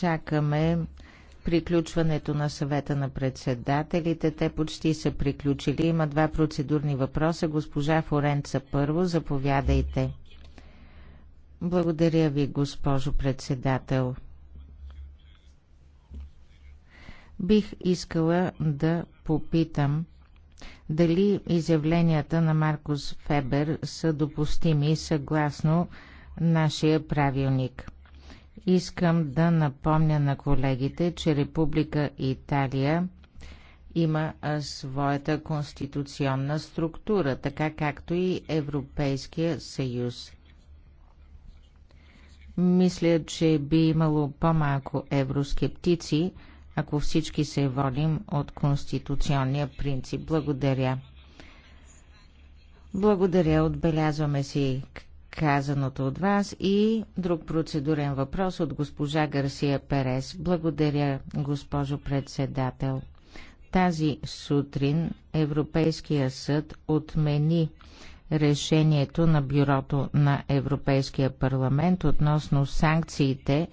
Чакаме приключването на съвета на председателите. Те почти са приключили. Има два процедурни въпроса. Госпожа Форенца първо, заповядайте. Благодаря ви, госпожо председател. Бих искала да попитам дали изявленията на Маркус Фебер са допустими съгласно нашия правилник. Искам да напомня на колегите, че Република Италия има своята конституционна структура, така както и Европейския съюз. Мисля, че би имало по-малко евроскептици, ако всички се водим от конституционния принцип. Благодаря. Благодаря, отбелязваме си казаното от вас и друг процедурен въпрос от госпожа Гарсия Перес. Благодаря, госпожо председател. Тази сутрин Европейския съд отмени решението на Бюрото на Европейския парламент относно санкциите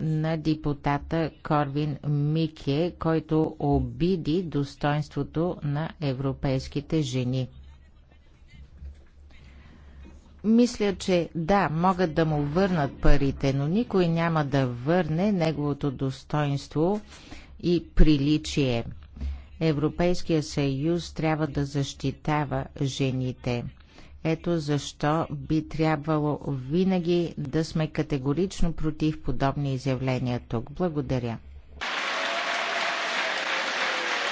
на депутата Корвин Мике, който обиди достоинството на европейските жени. Мисля, че да, могат да му върнат парите, но никой няма да върне неговото достоинство и приличие. Европейския съюз трябва да защитава жените. Ето защо би трябвало винаги да сме категорично против подобни изявления тук. Благодаря.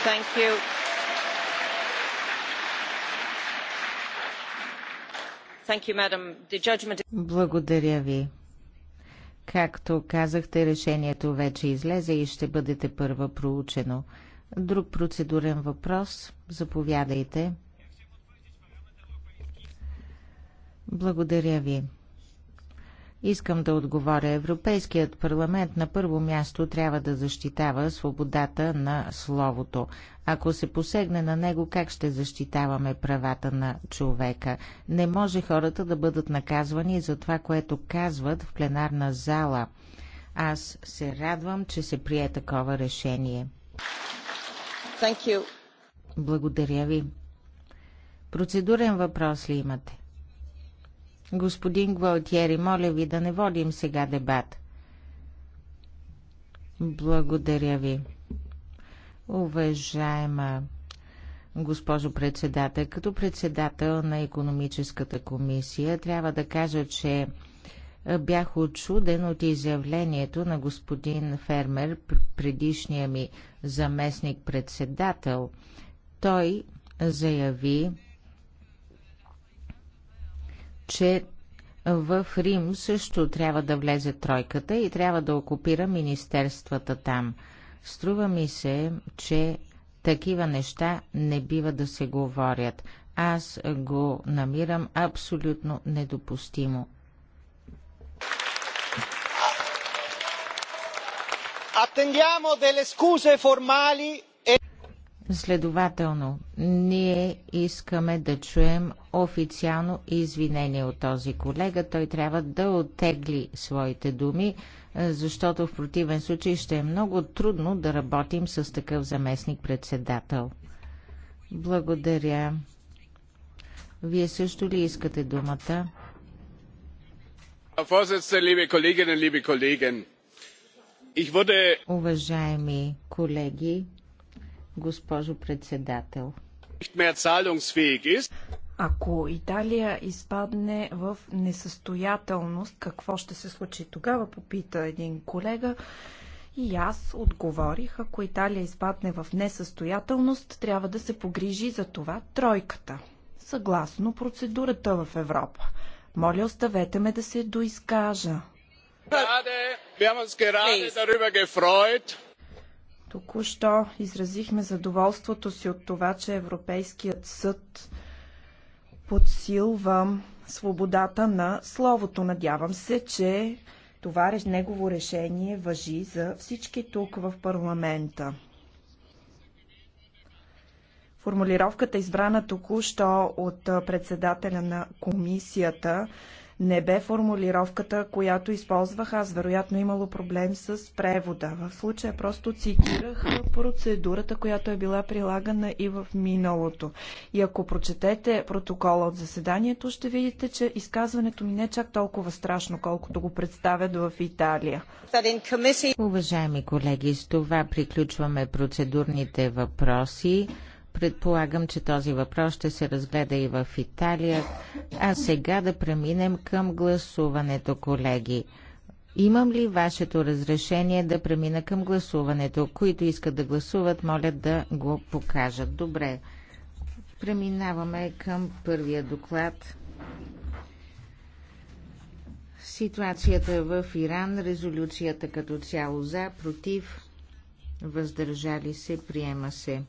Thank you. Благодаря ви. Както казахте, решението вече излезе и ще бъдете първа проучено. Друг процедурен въпрос. Заповядайте. Благодаря ви. Искам да отговоря. Европейският парламент на първо място трябва да защитава свободата на словото. Ако се посегне на него, как ще защитаваме правата на човека? Не може хората да бъдат наказвани за това, което казват в пленарна зала. Аз се радвам, че се прие такова решение. Благодаря ви. Процедурен въпрос ли имате? Господин Гвалтиери, моля ви да не водим сега дебат. Благодаря ви. Уважаема госпожо председател, като председател на економическата комисия, трябва да кажа, че бях очуден от изявлението на господин Фермер, предишния ми заместник председател. Той заяви, че в Рим също трябва да влезе тройката и трябва да окупира министерствата там. Струва ми се, че такива неща не бива да се говорят. Аз го намирам абсолютно недопустимо. E- Следователно, ние искаме да чуем официално извинение от този колега. Той трябва да оттегли своите думи, защото в противен случай ще е много трудно да работим с такъв заместник-председател. Благодаря. Вие също ли искате думата? Уважаеми колеги, госпожо председател, ако Италия изпадне в несъстоятелност, какво ще се случи тогава, попита един колега. И аз отговорих, ако Италия изпадне в несъстоятелност, трябва да се погрижи за това тройката. Съгласно процедурата в Европа. Моля, оставете ме да се доизкажа. Gerade, Току-що изразихме задоволството си от това, че Европейският съд подсилва свободата на словото. Надявам се, че това негово решение въжи за всички тук в парламента. Формулировката, избрана току-що от председателя на комисията, не бе формулировката, която използвах. Аз вероятно имало проблем с превода. В случая просто цитирах процедурата, която е била прилагана и в миналото. И ако прочетете протокола от заседанието, ще видите, че изказването ми не е чак толкова страшно, колкото го представят в Италия. Уважаеми колеги, с това приключваме процедурните въпроси. Предполагам, че този въпрос ще се разгледа и в Италия. А сега да преминем към гласуването, колеги. Имам ли вашето разрешение да премина към гласуването? Които искат да гласуват, моля да го покажат. Добре. Преминаваме към първия доклад. Ситуацията в Иран, резолюцията като цяло за, против, въздържали се, приема се.